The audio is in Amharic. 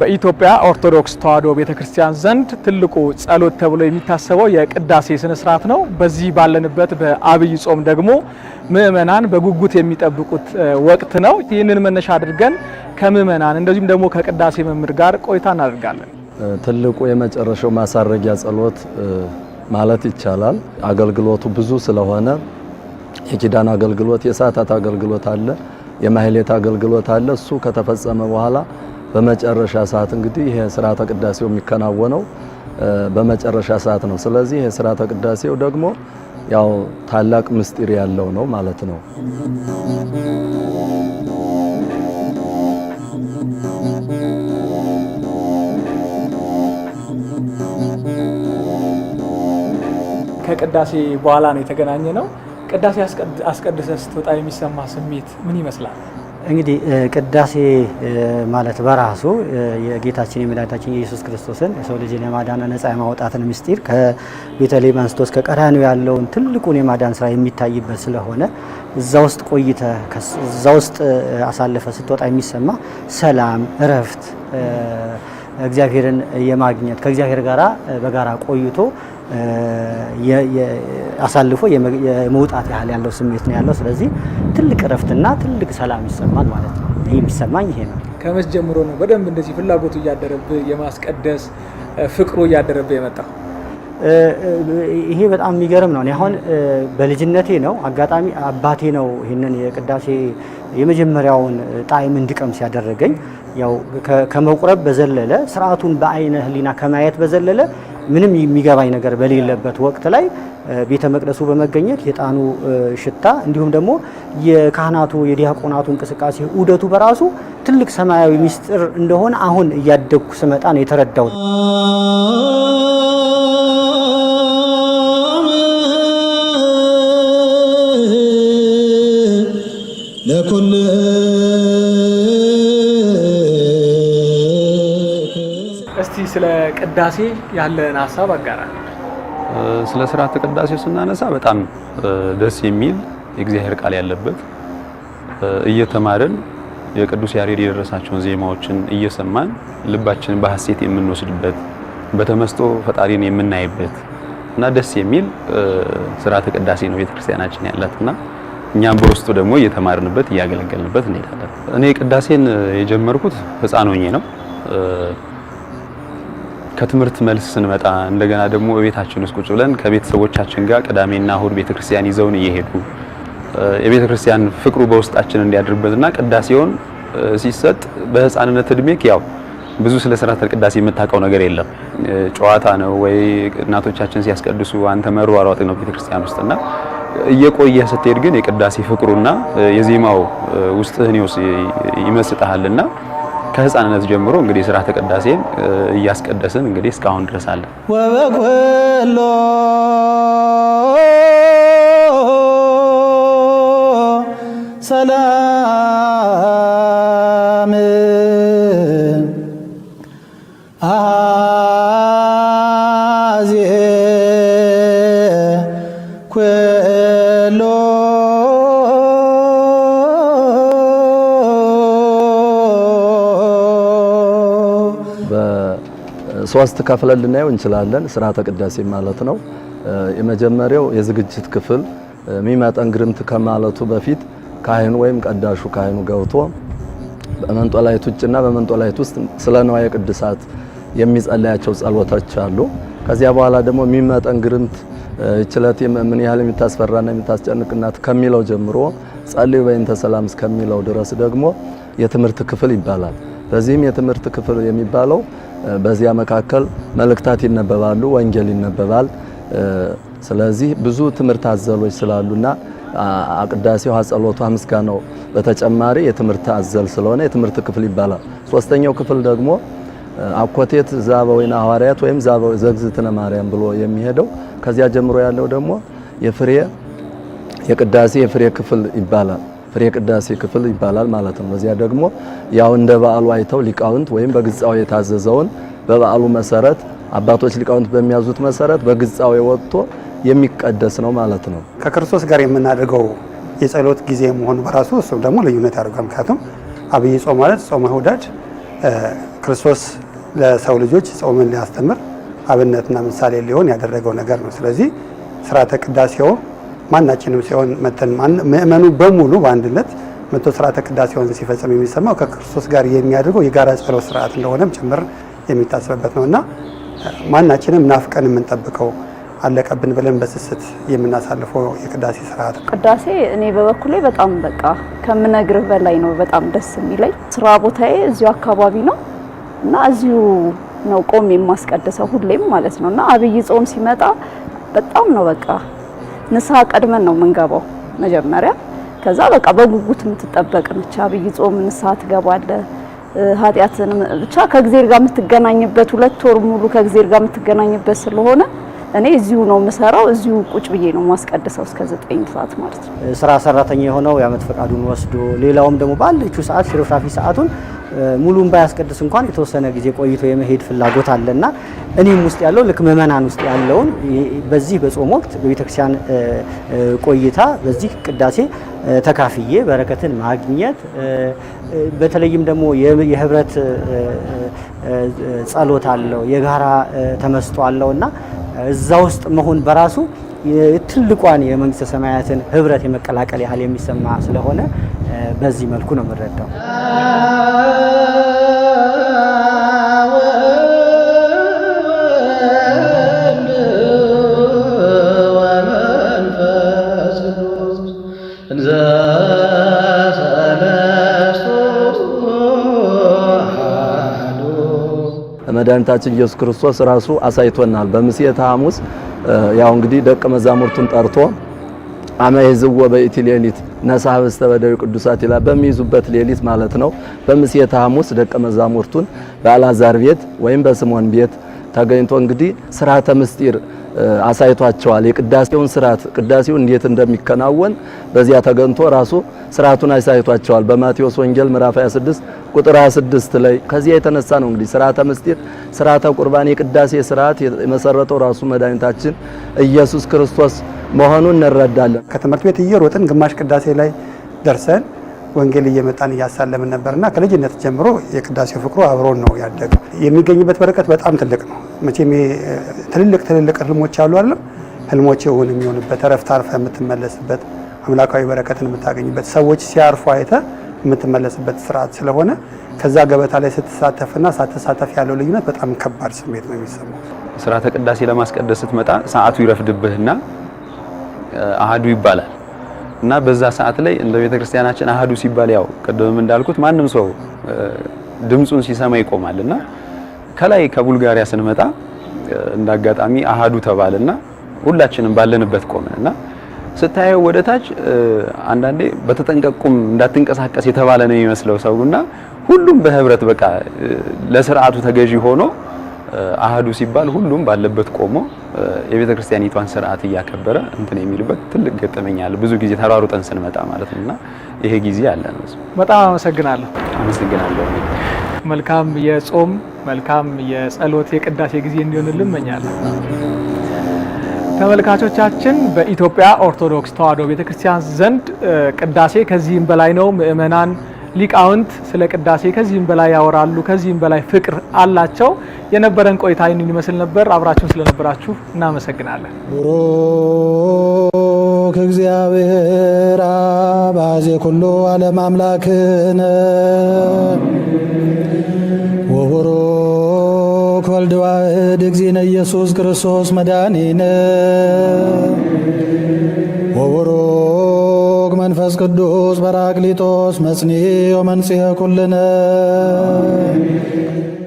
በኢትዮጵያ ኦርቶዶክስ ተዋሕዶ ቤተክርስቲያን ዘንድ ትልቁ ጸሎት ተብሎ የሚታሰበው የቅዳሴ ስነ ስርዓት ነው። በዚህ ባለንበት በአብይ ጾም ደግሞ ምእመናን በጉጉት የሚጠብቁት ወቅት ነው። ይህንን መነሻ አድርገን ከምእመናን እንደዚሁም ደግሞ ከቅዳሴ መምህር ጋር ቆይታ እናደርጋለን። ትልቁ የመጨረሻው ማሳረጊያ ጸሎት ማለት ይቻላል። አገልግሎቱ ብዙ ስለሆነ የኪዳን አገልግሎት፣ የሰዓታት አገልግሎት አለ፣ የማህሌት አገልግሎት አለ። እሱ ከተፈጸመ በኋላ በመጨረሻ ሰዓት እንግዲህ ይሄ ስርዓተ ቅዳሴው የሚከናወነው በመጨረሻ ሰዓት ነው። ስለዚህ ይሄ ስርዓተ ቅዳሴው ደግሞ ያው ታላቅ ምስጢር ያለው ነው ማለት ነው። ከቅዳሴ በኋላ ነው የተገናኘ ነው። ቅዳሴ አስቀድሰ ስትወጣ የሚሰማ ስሜት ምን ይመስላል? እንግዲህ ቅዳሴ ማለት በራሱ የጌታችን የመድኃኒታችን የኢየሱስ ክርስቶስን የሰው ልጅን የማዳንና ነጻ የማውጣትን ምስጢር ከቤተልሔም አንስቶ እስከ ቀራንዮ ያለውን ትልቁን የማዳን ስራ የሚታይበት ስለሆነ እዛ ውስጥ ቆይተ እዛ ውስጥ አሳልፈ ስትወጣ የሚሰማ ሰላም፣ እረፍት እግዚአብሔርን የማግኘት ከእግዚአብሔር ጋራ በጋራ ቆይቶ አሳልፎ የመውጣት ያህል ያለው ስሜት ነው ያለው። ስለዚህ ትልቅ እረፍትና ትልቅ ሰላም ይሰማል ማለት ነው። ይህ የሚሰማኝ ይሄ ነው። ከመቼ ጀምሮ ነው በደንብ እንደዚህ ፍላጎቱ እያደረብህ የማስቀደስ ፍቅሩ እያደረብህ የመጣው? ይሄ በጣም የሚገርም ነው። አሁን በልጅነቴ ነው አጋጣሚ አባቴ ነው ይህንን የቅዳሴ የመጀመሪያውን ጣዕም እንድቀምስ ያደረገኝ። ያው ከመቁረብ በዘለለ ስርዓቱን በአይነ ሕሊና ከማየት በዘለለ ምንም የሚገባኝ ነገር በሌለበት ወቅት ላይ ቤተ መቅደሱ በመገኘት የጣኑ ሽታ እንዲሁም ደግሞ የካህናቱ የዲያቆናቱ እንቅስቃሴ ዑደቱ በራሱ ትልቅ ሰማያዊ ምስጢር እንደሆነ አሁን እያደግኩ ስመጣ ነው የተረዳሁት። ለኩል እስቲ ስለ ቅዳሴ ያለን ሀሳብ አጋራ። ስለ ስርዓተ ቅዳሴው ስናነሳ በጣም ደስ የሚል የእግዚአብሔር ቃል ያለበት እየተማርን የቅዱስ ያሬድ የደረሳቸውን ዜማዎችን እየሰማን ልባችንን በሀሴት የምንወስድበት በተመስጦ ፈጣሪን የምናይበት እና ደስ የሚል ስርዓተ ቅዳሴ ነው ቤተክርስቲያናችን ያላትና እኛም በውስጡ ደግሞ እየተማርንበት እያገለገልንበት እንሄዳለን። እኔ ቅዳሴን የጀመርኩት ህፃን ሆኜ ነው። ከትምህርት መልስ ስንመጣ እንደገና ደግሞ ቤታችን ውስጥ ቁጭ ብለን ከቤተሰቦቻችን ጋር ቅዳሜና እሁድ ቤተክርስቲያን ይዘውን እየሄዱ የቤተክርስቲያን ፍቅሩ በውስጣችን እንዲያድርበትና ቅዳሴውን ሲሰጥ በህፃንነት እድሜክ ያው ብዙ ስለ ስርዓተ ቅዳሴ የምታውቀው ነገር የለም። ጨዋታ ነው ወይ እናቶቻችን ሲያስቀድሱ አንተ አሯጥ ነው ቤተክርስቲያን ውስጥና እየቆየ ስትሄድ ግን የቅዳሴ ፍቅሩና የዜማው ውስጥህን ይመስጥሃልና ከህፃንነት ጀምሮ እንግዲህ ስርዓተ ቅዳሴን እያስቀደስን እንግዲህ እስካሁን ድረስ አለ። ወበኩሎ ሰላም አሃዜ ሶስት ከፍለን ልናየው እንችላለን። ስርዓተ ቅዳሴ ማለት ነው። የመጀመሪያው የዝግጅት ክፍል ሚመጣ ግርምት ከማለቱ በፊት ካህኑ ወይም ቀዳሹ ካህኑ ገብቶ በመንጦላይት ውጭና በመንጦላይት ውስጥ ስለ ነዋየ ቅድሳት የሚጸለያቸው ጸሎቶች አሉ። ከዚያ በኋላ ደግሞ ሚመጣ ግርምት ይችለት ምን ያህል የሚታስፈራና የምታስጨንቅ ከሚለው ጀምሮ ጸልዩ በእንተ ሰላም እስከሚለው ድረስ ደግሞ የትምህርት ክፍል ይባላል። በዚህም የትምህርት ክፍል የሚባለው በዚያ መካከል መልእክታት ይነበባሉ፣ ወንጌል ይነበባል። ስለዚህ ብዙ ትምህርት አዘሎች ስላሉና አቅዳሴው፣ ጸሎቷ፣ ምስጋናው በተጨማሪ የትምህርት አዘል ስለሆነ የትምህርት ክፍል ይባላል። ሶስተኛው ክፍል ደግሞ አኮቴት ዛበዊነ ሐዋርያት ወይም ዘግዝትነ ማርያም ብሎ የሚሄደው ከዚያ ጀምሮ ያለው ደግሞ የፍሬ የቅዳሴ የፍሬ ክፍል ይባላል። ፍሬ ቅዳሴ ክፍል ይባላል ማለት ነው። እዚያ ደግሞ ያው እንደ በዓሉ አይተው ሊቃውንት ወይም በግጻዊ የታዘዘውን በበዓሉ መሰረት አባቶች ሊቃውንት በሚያዙት መሰረት በግጻዊ ወጥቶ የሚቀደስ ነው ማለት ነው። ከክርስቶስ ጋር የምናደርገው የጸሎት ጊዜ መሆኑ በራሱ እሱ ደግሞ ልዩነት ያደርጋል። ምክንያቱም አብይ ጾም ማለት ጾመ ሁዳድ ክርስቶስ ለሰው ልጆች ጾምን ሊያስተምር አብነትና ምሳሌ ሊሆን ያደረገው ነገር ነው። ስለዚህ ስርዓተ ቅዳሴው ማናችንም ሲሆን መተን ምእመኑ በሙሉ በአንድነት መቶ ስርዓተ ቅዳሴውን ሲፈጽም የሚሰማው ከክርስቶስ ጋር የሚያደርገው የጋራ ጸሎት ስርዓት እንደሆነም ጭምር የሚታሰብበት ነው እና ማናችንም ናፍቀን የምንጠብቀው አለቀብን ብለን በስስት የምናሳልፈው የቅዳሴ ስርዓት ነው። ቅዳሴ እኔ በበኩሌ በጣም በቃ ከምነግርህ በላይ ነው። በጣም ደስ የሚለኝ ስራ ቦታዬ እዚሁ አካባቢ ነው እና እዚሁ ነው ቆም የማስቀድሰው ሁሌም ማለት ነው እና አብይ ጾም ሲመጣ በጣም ነው በቃ ንስሐ ቀድመን ነው የምንገባው መጀመሪያ። ከዛ በቃ በጉጉት የምትጠበቅ ነች። አብይ ጾም ንስሐ ትገባለህ። ኃጢአትን ብቻ ከእግዜር ጋር የምትገናኝበት ሁለት ወር ሙሉ ከእግዜር ጋር የምትገናኝበት ስለሆነ እኔ እዚሁ ነው የምሰራው። እዚሁ ቁጭ ብዬ ነው የማስቀድሰው እስከ ዘጠኝ ሰዓት ማለት ነው። ስራ ሰራተኛ የሆነው የአመት ፈቃዱን ወስዶ ሌላውም ደግሞ ባለችው ሰዓት ሽርፍራፊ ሰዓቱን ሙሉን ባያስቀድስ እንኳን የተወሰነ ጊዜ ቆይቶ የመሄድ ፍላጎት አለና እኔም ውስጥ ያለው ልክ ምእመናን ውስጥ ያለውን በዚህ በጾም ወቅት በቤተክርስቲያን ቆይታ በዚህ ቅዳሴ ተካፍዬ በረከትን ማግኘት በተለይም ደግሞ የህብረት ጸሎት አለው የጋራ ተመስጦ አለው እና እዛ ውስጥ መሆን በራሱ ትልቋን የመንግስተ ሰማያትን ህብረት የመቀላቀል ያህል የሚሰማ ስለሆነ በዚህ መልኩ ነው የምረዳው። መድኃኒታችን ኢየሱስ ክርስቶስ ራሱ አሳይቶናል። በምስየተ ሐሙስ ያው እንግዲህ ደቀ መዛሙርቱን ጠርቶ አመ ይዝዎ በእቲ ሌሊት ነሳህ በስተበደዊ ቅዱሳት ይላል። በሚይዙበት ሌሊት ማለት ነው። በምስየተ ሐሙስ ደቀ መዛሙርቱን በአልዓዛር ቤት ወይም በስምዖን ቤት ተገኝቶ እንግዲህ ስርዓተ ምስጢር አሳይቷቸዋል። የቅዳሴውን ስርዓት ቅዳሴው እንዴት እንደሚከናወን በዚያ ተገንቶ ራሱ ስርዓቱን አሳይቷቸዋል በማቴዎስ ወንጌል ምዕራፍ 26 ቁጥር 26 ላይ። ከዚያ የተነሳ ነው እንግዲህ ስርዓተ ምስጢር፣ ስርዓተ ቁርባን፣ የቅዳሴ ስርዓት የመሰረተው ራሱ መድኃኒታችን ኢየሱስ ክርስቶስ መሆኑን እንረዳለን። ከትምህርት ቤት እየሮጥን ግማሽ ቅዳሴ ላይ ደርሰን ወንጌል እየመጣን እያሳለምን ነበርና ከልጅነት ጀምሮ የቅዳሴው ፍቅሩ አብሮን ነው ያደገው። የሚገኝበት በረከት በጣም ትልቅ ነው። መቼም ትልልቅ ትልልቅ ህልሞች አሉ አለም ህልሞች የሆን የሚሆንበት እረፍት አርፈ የምትመለስበት አምላካዊ በረከትን የምታገኝበት ሰዎች ሲያርፉ አይተ የምትመለስበት ስርዓት ስለሆነ ከዛ ገበታ ላይ ስትሳተፍና ሳትሳተፍ ያለው ልዩነት በጣም ከባድ ስሜት ነው የሚሰማው። ስርዓተ ቅዳሴ ለማስቀደስ ስትመጣ ሰዓቱ ይረፍድብህና አህዱ ይባላል እና በዛ ሰዓት ላይ እንደ ቤተክርስቲያናችን አህዱ ሲባል ያው ቅድም እንዳልኩት ማንም ሰው ድምፁን ሲሰማ ይቆማል እና ከላይ ከቡልጋሪያ ስንመጣ እንዳጋጣሚ አህዱ ተባልና ሁላችንም ባለንበት ቆምን እና ስታየው ወደ ታች አንዳንዴ በተጠንቀቁም እንዳትንቀሳቀስ የተባለ ነው የሚመስለው ሰውና ሁሉም በህብረት በቃ ለስርዓቱ ተገዢ ሆኖ አህዱ ሲባል ሁሉም ባለበት ቆሞ የቤተ ክርስቲያኒቷን ስርዓት እያከበረ እንትን የሚልበት ትልቅ ገጠመኛ አለ። ብዙ ጊዜ ተሯሩጠን ስንመጣ ማለት ነውና ይሄ ጊዜ አለ ነው። በጣም አመሰግናለሁ። አመሰግናለሁ። መልካም የጾም መልካም የጸሎት የቅዳሴ ጊዜ እንዲሆንልን እመኛለሁ። ተመልካቾቻችን በኢትዮጵያ ኦርቶዶክስ ተዋሕዶ ቤተክርስቲያን ዘንድ ቅዳሴ ከዚህም በላይ ነው። ምእመናን ሊቃውንት ስለ ቅዳሴ ከዚህም በላይ ያወራሉ፣ ከዚህም በላይ ፍቅር አላቸው። የነበረን ቆይታ ይህንን ይመስል ነበር። አብራችሁን ስለነበራችሁ እናመሰግናለን። ቡሩክ እግዚአብሔር አባዜ ኩሉ ዓለም አምላክነ ወቡሩክ ወልድ ዋህድ እግዚእነ ኢየሱስ ክርስቶስ መድኃኒነ መንፈስ ቅዱስ በራክሊጦስ መጽንዮ መንጽሔ ኩልነ